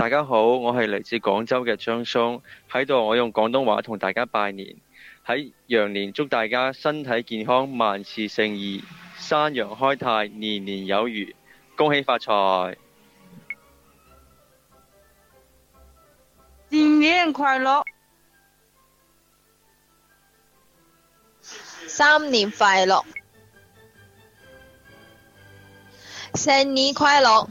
大家好，我係嚟自廣州嘅張松，喺度我用廣東話同大家拜年，喺羊年祝大家身體健康、萬事勝意、山羊開泰、年年有餘、恭喜發財。新年快樂，三年快樂，新年快樂。